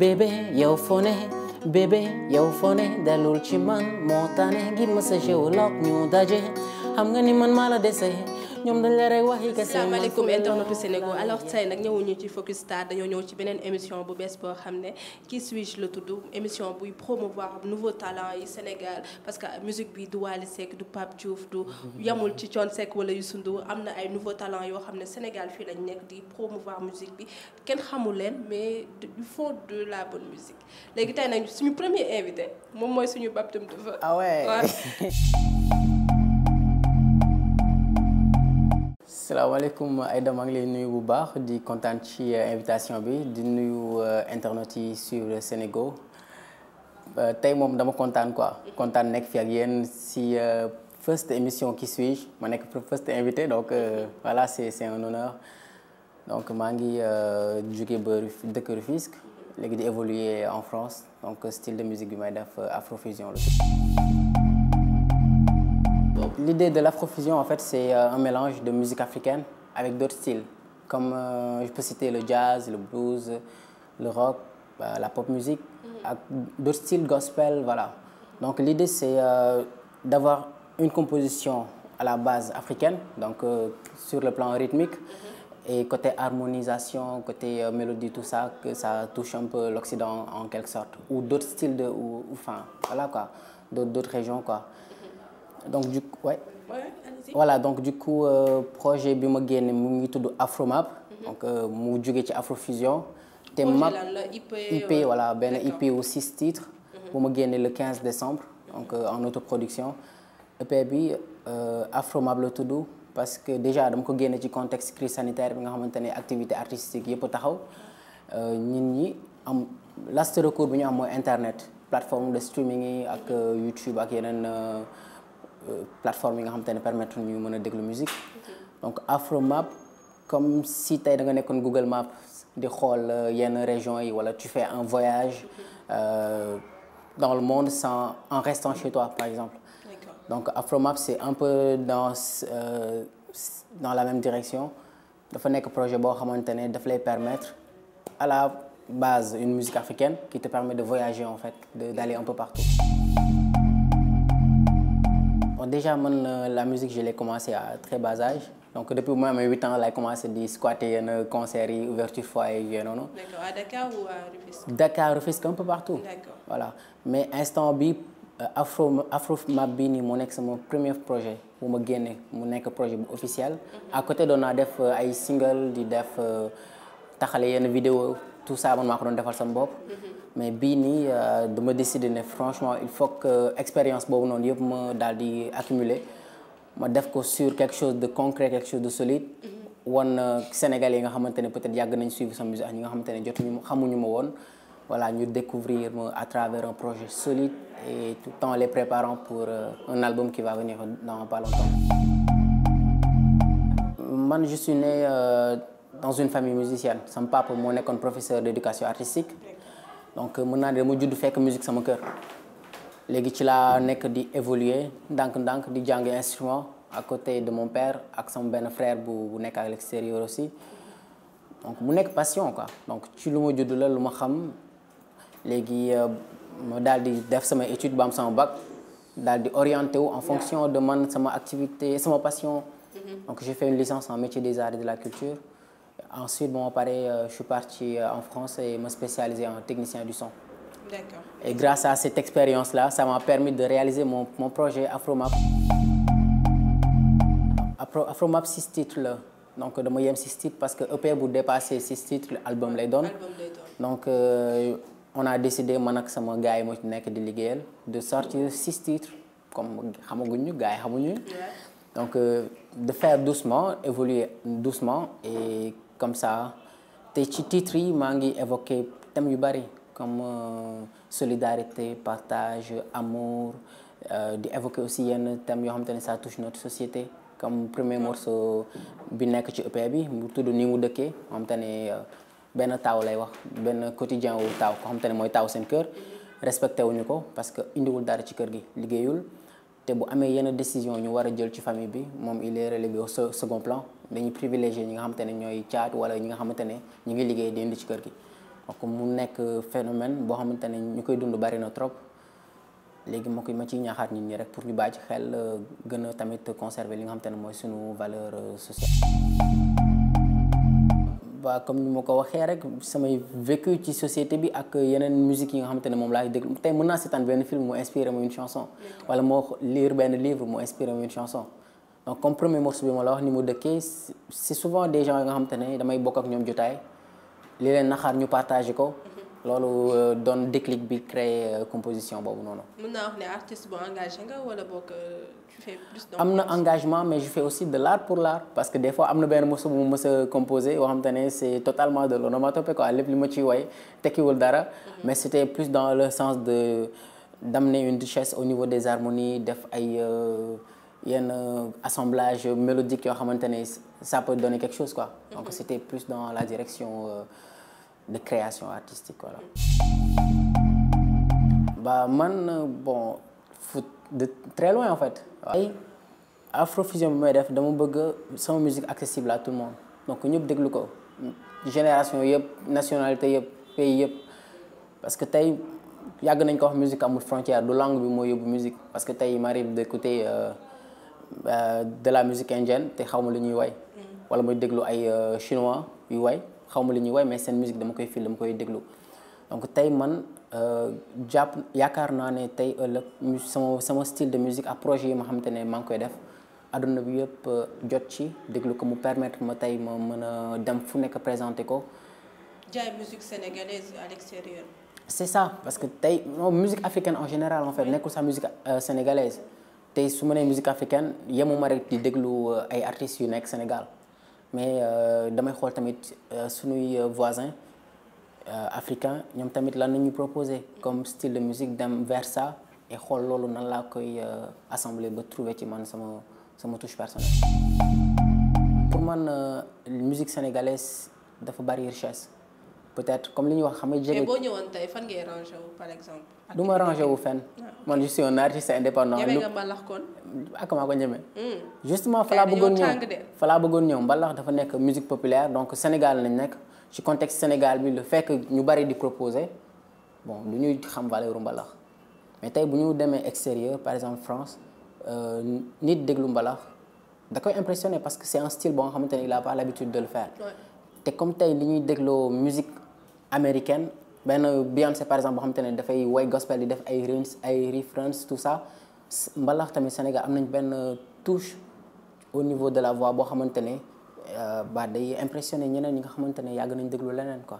Bébé, yow fone bébé yow fone dalul ci man moo tane gi ma sa géologue ñu daje xam nga ni man maa la dese ñoom dañ la rey wax yi kese. asalaamaaleykum internetu Sénégal alors tey nag ñëwuñu ci Focus Star dañoo ñëw ci beneen émission bu bees boo xam ne Qui suis la tudd émission buy promouvoir nouveau talent yi Sénégal parce que musique bi du Wally Seck du Pape Diouf du yamul ci Thione Seck wala Youssou Ndour am na ay nouveau talent yoo xam ne Sénégal fii lañ nekk di promouvoir musique bi kenn xamul leen mais ils faut de la bonne musique léegi tey nag suñu premier invité moom mooy suñu baptême de salaamaaleykum Aïda maa ngi lay nuyu bu baax di kontaan ci euh, invitation bi di nuyu euh, internet yi sur Sénégo euh, tey moom dama kontaan quoi kontaan nekk fi ak yéen si first émission ki suis-je nekk first invité donc voilà c'est c'est un honneur donc maa ngi jóge ba dëkk Rufisque léegi di évoluer en France donc style de musique bi may def Afrofusion la L'idée de l'afrofusion, en fait, c'est euh, un mélange de musique africaine avec d'autres styles, comme euh, je peux citer le jazz, le blues, le rock, bah, la pop musique, mm-hmm. d'autres styles gospel, voilà. Donc l'idée, c'est euh, d'avoir une composition à la base africaine, donc euh, sur le plan rythmique, mm-hmm. et côté harmonisation, côté euh, mélodie, tout ça, que ça touche un peu l'Occident en quelque sorte. Ou d'autres styles de. Ou, ou, enfin, voilà quoi. D'autres régions quoi. donc du coup donc du coup euh, projet bi ma génne mu ngi tudd Afromap. Mhm. donc euh, mu jóge ci Afrofusion. te map IP voilà benn IP wu six titres. Mhm. bu ma génne le 15 décembre. donc euh, en autoproduction. EP bi euh, Afromap la tudd parce que déjà dama ko génne ci contexte crise sanitaire bi nga xamante ni activité artistique yëpp taxaw. Euh, nit ñi am last recours bi ñu am mooy internet plateforme de streaming yi ak YouTube ak yeneen. plateforme yi nga xamante ne permettre ñu mën a déglu musique donc Afromap comme si tey da nga nekkoon Google Map di xool euh, yenn région yi wala tu fais un voyage euh, dans le monde en restant chez toi par exemple donc Afromap c'est un peu dans euh, dans la même direction dafa nekk projet boo xamante ne daf lay permettre à la base une musique africaine qui te permet de voyager en fait de d'aller un peu partout déjà man euh, la musique je l'ai commencé à très bas âge donc depuis bu huit ans laay commencé di squatter yenn euh, concerts yi ouverture foyer yi yooyu noonu. d'accord Dakar ou à peu partout. voilà mais instant bi euh, afro afro map bii nii mu nekk sama première projet bu ma génne mu nekk projet bu officiel. Mhm. à côté doon naa def ay single di def taxale yenn vidéo tout ça man maa ko doon defal sama bopp. mais bii nii euh, dama décider ne franchement il faut que expérience boobu noonu yëpp ma daal di accumuler ma def ko sur quelque chose de concret quelque chose de solide. Mhm. wan euh, Sénégalais yi nga xamante ne peut-être yàgg nañ suivre sama musique a ñi nga xamante ne jotuñu xamuñu ma woon. voilà ñu découvrir ma à travers un projet solide et tout le temps les préparant pour euh, un album qui va venir dans pas longtemps. man je suis dans une famille musicienne sama papa moo nekkoon professeur d'éducation artistique donc euh, mën naa ne dama judd fekk musique sama kër léegi ci laa nekk di évoluer ndànk-ndànk di jàng instrument à côté de mon père ak sama benn frère bu bu nekk à l'extérieur aussi donc mu nekk passion quoi donc ci lu ma juddu la lu ma xam léegi euh, ma daal di def sama étude ba am sama bac daal di orienté wu en fonction de man sama activité sama passion mm-hmm. donc j'ai fait une licence en métier des arts de la culture Ensuite, bon, pareil, euh, je suis parti euh, en France et me spécialiser en technicien du son. D'accord. Et grâce à cette expérience-là, ça m'a permis de réaliser mon, mon projet AfroMap. Afro, AfroMap, 6 titres. Donc, de moyenne 6 titres parce que EP, pour dépasser 6 titres, l'album les donne. Donc, euh, on a décidé, moi et mon gars, moi, de de sortir 6 titres, comme Hamogunyu, Gaï Hamogunyu. Donc, euh, de faire doucement, évoluer doucement et comme ça te ci titre yi maa ngi évoquer thèmes yu bari comme euh, solidarité partage amour euh, di évoquer aussi yenn thèmes yoo xamante ne ça touche notre société comme premier morceau bi nekk ci EP bi mu tudd ni mu dëkkee nga xamante ne euh, benn taaw lay wax benn quotidien wu taaw ko xamante ne mooy taaw seen kër respecté wuñu ko parce que indiwul dara ci kër gi liggéeyul te bu amee yenn décision ñu war a jël ci famille bi moom il est relégué au second plan dañuy privilégié ñi nga xamante ne ñooy caat wala ñi nga xamante ne ñu ngi liggéey dindi ci kër gi donc mu nekk phénomène boo xamante ne ñu koy dund bari na trop léegi ma koy ma ciy ñaaxaat nit ñi rek pour ñu bàyyi ci xel gën a tamit conserver li nga xamante ne mooy suñu valeur sociale waa comme ni ma ko waxee rek samay vécu ci société bi ak yeneen musique yi nga xamante ne moom laay déglu tey mën naa seetaan benn film mu inspiré ma une chanson wala moo lire benn livre mu inspiré ma une chanson donc comme premier morceau bi ma la wax ni mu dëkkee si souvent des gens yi nga xamante ne damay bokk ak ñoom jotaay li leen naxaar ñu partagé ko loolu euh, doon déclic bi créer euh, composition boobu noonu. mën naa wax ne artiste bu engagé nga wala boog euh, tu am na engagement mais je fais aussi de l'art pour l'art parce que des fois am na benn morceau bu ma mës a composé yoo xam te ne c'est totalement de l'onomatopée quoi lépp li ma ciy way tekkiwul dara. Mhm. mais c'était plus dans le sens de d'amener une richesse au niveau des harmonies def ay. yenn assemblage mélodique yoo xamante ne ça peut donner quelque chose quoi donc mhm. c'était plus dans la direction de création artistique voilà. Bah man bon foot de très loin en fait. ay Afrofusion bi may def dama bëgg sama musique accessible à tout le monde donc ñëpp déglu ko génération yëpp nationalité yëpp pays yëpp parce que tey yàgg nañ ko wax musique amul frontière du langue bi moo yóbbu musique parce que tey m'arrive d'écouter euh, euh, de la musique indienne te xaw ma lu ñuy way mm. wala muy déglu ay euh, chinois yu way xaw ma li ñuy woy mais seen musique dama koy fil dama koy déglu donc tey man euh, jàpp yaakaar naa ne tey ëllëg sama sama style de musique ak yi ma xamante ne maa ngi koy def àdduna bi yëpp euh, jot ci déglu ko mu permettre ma tey ma mën a dem fu nekk présenter ko. jaay musique sénégalaise à l'extérieur. c'est ça parce que tey non musique africaine en général en fait nekkul sax musique euh, sénégalaise tey su ma nee musique africaine yemuma rek di déglu ay artistes yu nekk Sénégal. mais euh, damay xool tamit euh, suñuy euh, voisins africains ñoom tamit lan la ñu proposé comme style de musique dem vers ça xool loolu nan laa koy assembler ba trouver ci man sama sama touche personnelle. pour man musique sénégalaise dafa bari richesse peut-être comme li ñuy wax xam nga. jege mais boo ñëwoon tey fan ngay rangé wu par exemple. du ma rangé wu fenn. Ah. man je suis un artiste indépendant. ñeme nga mbalax kon. ak maa ko ñeme. Hmm. justement fa laa bëggoon ñëw fa mbalax dafa nekk musique populaire donc Sénégal lañ nekk ci contexte Sénégal bi le fait que ñu bari di proposer bon du ñuy xam valeur mbalax mais tey bu ñu demee extérieur par exemple France euh, nit déglu mbalax da koy impressionné parce que c'est un style boo nga xamante ne il a l'habitude de le faire. te comme tey li ñuy dégloo musique américaine. benn Beyoncé par exemple boo xamante ne dafay woy gospel di def ay rimes ay reference tout ça mbalax tamit Sénégal am nañ benn touche au niveau de la voix boo xamante ne euh, ba day impressionné ñeneen ñi nga xamante ne yàgg nañ déglu leneen ko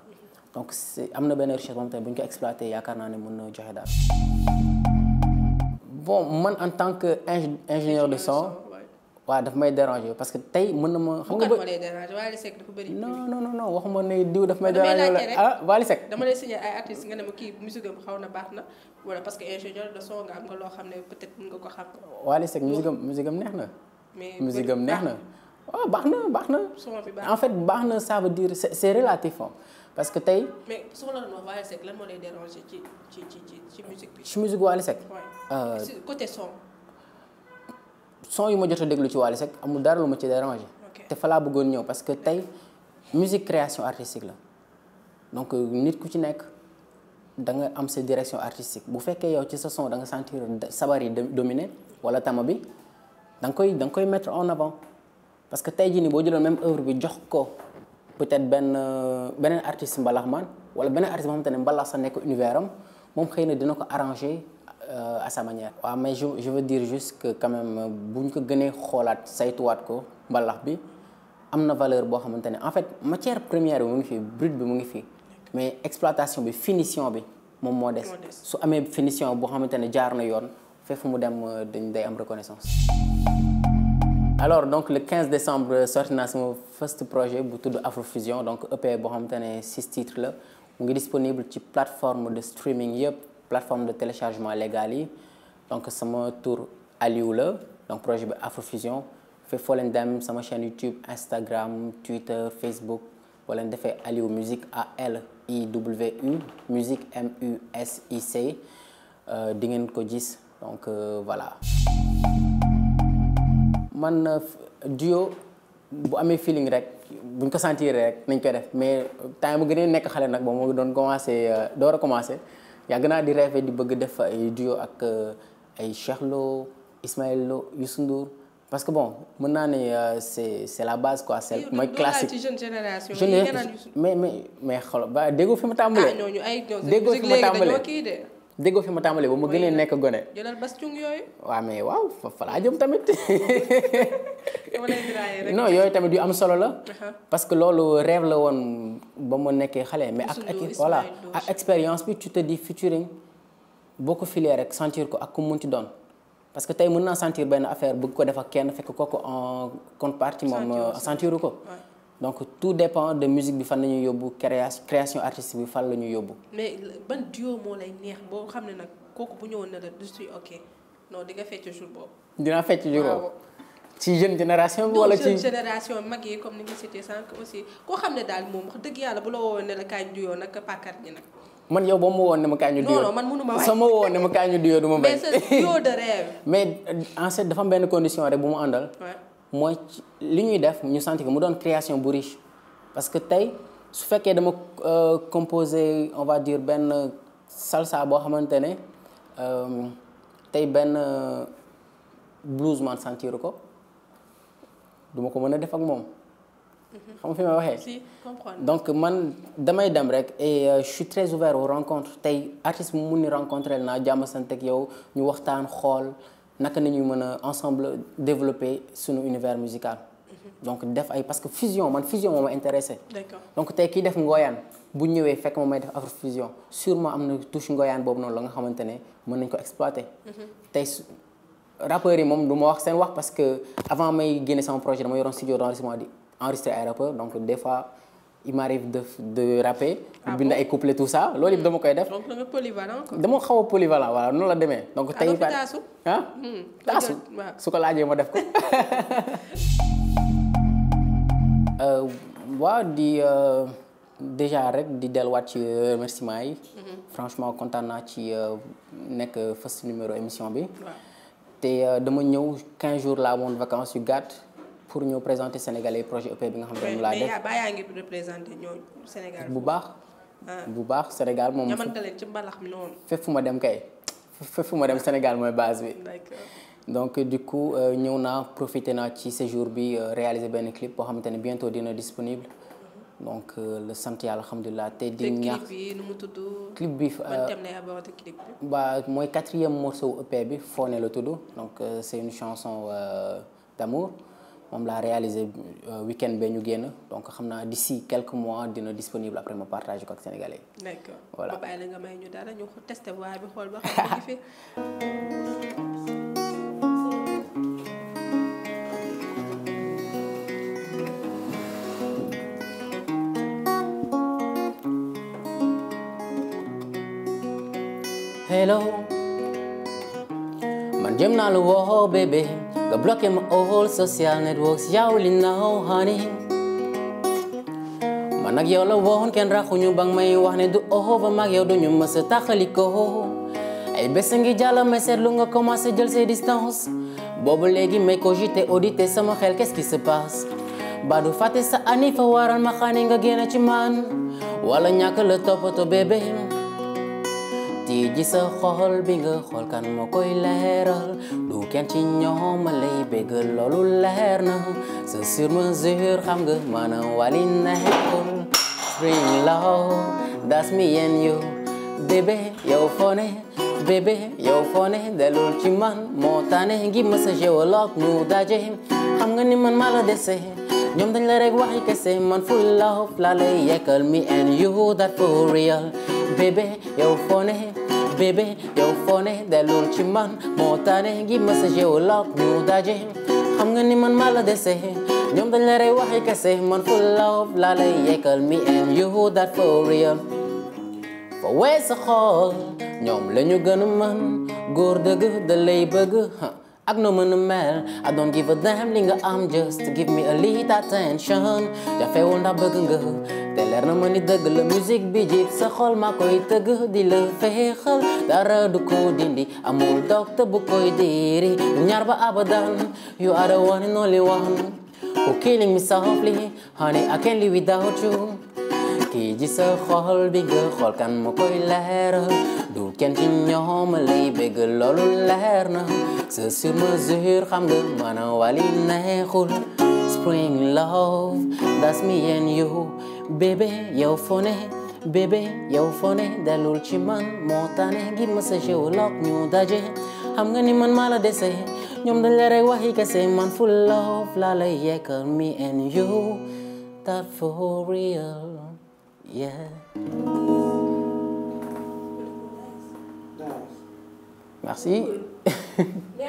donc am na benn recherche boo xamante ne bu ñu ko exploité yaakaar naa ne mën na joxe daal bon man en tant que ingénieur de son waaw daf may déranger parce que tey mën na ma. xam nga ma lay déranger Wally Seck dafa bëri. non non non waxuma ne diw daf may. déranger ah Wally dama lay signaler ay artistes nga ne ma kii musique am xaw na baax na neex na. mais musique am neex na. waaw ah, baax na baax na. en fait baax na ça veut dire c'est c'est parce que tey. mais su ma la doon wax Wally lan moo lay déranger ci ci ci ci musique bi. ci musique Wally Seck. Euh, côté son. son yu ma jot a déglu ci Wally Seck amul dara lu ma ci dérangé te fa laa bëggoon ñëw parce que tey musique création artistique la donc euh, nit ku ci nekk da nga am sa direction artistique bu fekkee yow ci sa son da nga sentir sabar yi dominé wala tama bi da nga koy da nga koy mettre en avant parce que tey jii nii boo jëloon même œuvre bi jox ko peut-être benn euh, beneen artiste mbalax man wala beneen artiste boo xamante ne mbalax sa nekk univers am moom xëy na dina ko arrangé Euh, à sa manière. waaw mais dire juste que quand euh, bu ñu ko gënee xoolaat saytuwaat ko mbalax bi am na valeur boo xamante ne en fait matière première bi mu ngi fi brut bi mu ngi fi mais exploitation bi finition bi moom moo des. su amee finition boo xamante ne jaar na yoon feefu mu dem euh, dañ day am reconnaissance. alors donc le 15 décembre sorti naa sama first projet bu tudd Afrofusion donc EP boo xamante ne six titres la mu ngi disponible ci plateforme de streaming yëpp. plateforme de téléchargement légal yi donc sama tour Aliou la donc projet bi Afrofusion fépp foo leen dem sama chaîne YouTube Instagram Twitter Facebook boo leen defee Aliou Musique A L I W euh, di ngeen ko jis donc euh, voilà. man euh, duo bu amee feeling rek buñ ko sentir rek nañ koy def mais temps mu gën a nekk xale nag ba mu doon commencé door a commencé. yàgg naa di rêver di bëgg def ay duo ak euh, ay Cheikh Lo Ismaël Lo Youssou parce que bon mën naa ne euh, c'est c'est la base quoi c'est mooy classique mais mais mais xool ba déggoo fi ma tàmbalee ah, déggoo fi ma tàmbalee déggoo fi ma tàmbalee ba ma gënee nekk gone. jëlal bas cung yooyu. waaw mais waaw fa tamit. non yooyu tamit yu am solo la. Uh-huh. parce que loolu rêve la woon ba ma nekkee xale. mais ak ak voilà ak expérience bi tu te dis featuring boo ko filee rek sentir ko ak ku mun ci doon. parce que tey mën naa sentir benn affaire bugg ko def ak kenn fekk kooku en contrepartie moom sentiru euh, ko. donc tout dépend de musique bi fan la ñuy yóbbu création création artistique bi fan la ñuy yóbbu. mais ban duo moo lay neex boo xam ne nag kooku bu ñëwoon na la du si ok di nga fecc jour boobu. dinaa fecc jour boobu ci jeune génération. wala ci jeune mag yi comme ni nga cité sànq aussi koo xam ne daal moom wax yàlla bu la woowoon ne la kaay duyoo nag pàkkaat ma woon ne ma kaay ñu duyoo non non ma waay ma woon ne ma kaay ñu duyoo du ma bañ. mais c'est duo de en fait dafa benn condition rek bu mu àndal. mooy li ñuy def ñu sentir que mu doon création bu riche parce que tey su fekkee dama euh, composer on va dire benn salsa boo xamante ne euh, tey benn euh, bluesman sentir ko duma ko mën a def ak moom. Mhm. xam nga fi may waxee. donc man damay dem rek et je suis très ouvert aux rencontres tey artiste mu mun ni rencontré naa jàmm sant ak yow ñu waxtaan xool. naka nañuy mën a ensemble développer suñu univers musical donc def ay parce que fusion man fusion moo ma intéressé donc tey kii def ngooyaan bu ñëwee fekk moom may def afro fusion sûrement am na touche ngooyaan boobu noonu la nga xamante ne mën nañ ko exploiter mhm. tey rappeurs yi moom du ma wax seen wax parce que avant may génne sama projet dama yoroon studio d'enregistrement di enregistrer ay rappeurs donc des il m'arrive de de rapper. ah bind ay couplet tout ça loolu yëpp dama koy def. donc danga polyvalent quoi. dama xaw a polyvalent voilà noonu la demee. donc ah, tey par taasu. Hmm, su ko laajee ma def ko. Euh, waaw di euh, déjà rek di delluwaat ci euh, remerciement yi. Mhm. franchement kontaan ci nekk first numéro émission bi. te dama ñëw 15 jours laa amoon vacances gàtt. pour ñëw présenter Sénégalais projet EP bi nga xam ne moom laa def. mais mais yaa bu baax bu baax Sénégal moom. ñamante leen ci ma dem kay fépp ma dem Sénégal mooy base bi. donc du coup euh, ñëw naa profité naa ci séjour bi euh, réaliser benn clip boo xamante ne bientôt dina disponible. Mhm. donc euh, le sant yàlla alhamdulilah te di ñaax clip bi mu tudd. clip bi ba mooy quatrième morceau EP bi Fone la tudd donc c' est une chanson d' moom laa réalisé euh, week-end ñu génn donc xam naa d'ici quelques mois dina disponible après ma partage ko ak hello man jëm naa lu woo bébé. Got blocked in my all social networks, yow li now honey man ak yow la woon kenn raxuñu ba may wax ne du oho ba mag yow ñu mës a taxali ko ay bés ngi jàll may seetlu nga commencé jël ses distance boobu léegi may cogité audité sama xel qu'est-ce qui se passe ba du fàtte sa ani fa waral ma xaani nga génn ci man wala ñàkk la toppatoo bébé ti ji sa xol bi nga xool kan moo koy leeral du kenn ci ñoom lay bëgg loolu leer na c'est sur mesure xam nga maanaam wali nekkul spring love that's me and you bébé yow fone bébé yow fone delul ci man moo tane ngi message woloog nu daje xam nga ni man maa dese ñoom dañ la rek waxi kese man full love la lay yekkal me and you that for real bébé Bebe yofone delul ci man moo tane gi message wu loog ñu daje xam nga ni man la dese ñoom dañ la rey waxi kese man full love laa lay yekkal me and you that for real fa weesa xool ñoom la ñu gën a man góor dëgg da lay ak noo mën a mel I don't give a damn li nga am just give me a little sa xol ma tëgg di la feexal dara du ko dindi amul docteur bu koy diri ñaar abadan you are the one and only one who killing me softly honey I kii ji sa xol bi nga xool kan moo koy leeral du kenn ci ñoom lay bëgg loolu leer na sa sur mesure xam nga mën a wali neexul spring love that's me and you bébé yow fone bébé yow fone dalul ci man moo tane gi message wu lock ñu daje xam nga ni man maa la ñoom dañ la rek waxi kese man full love la lay yekkal me and you that for real Yeah. Nice. Merci.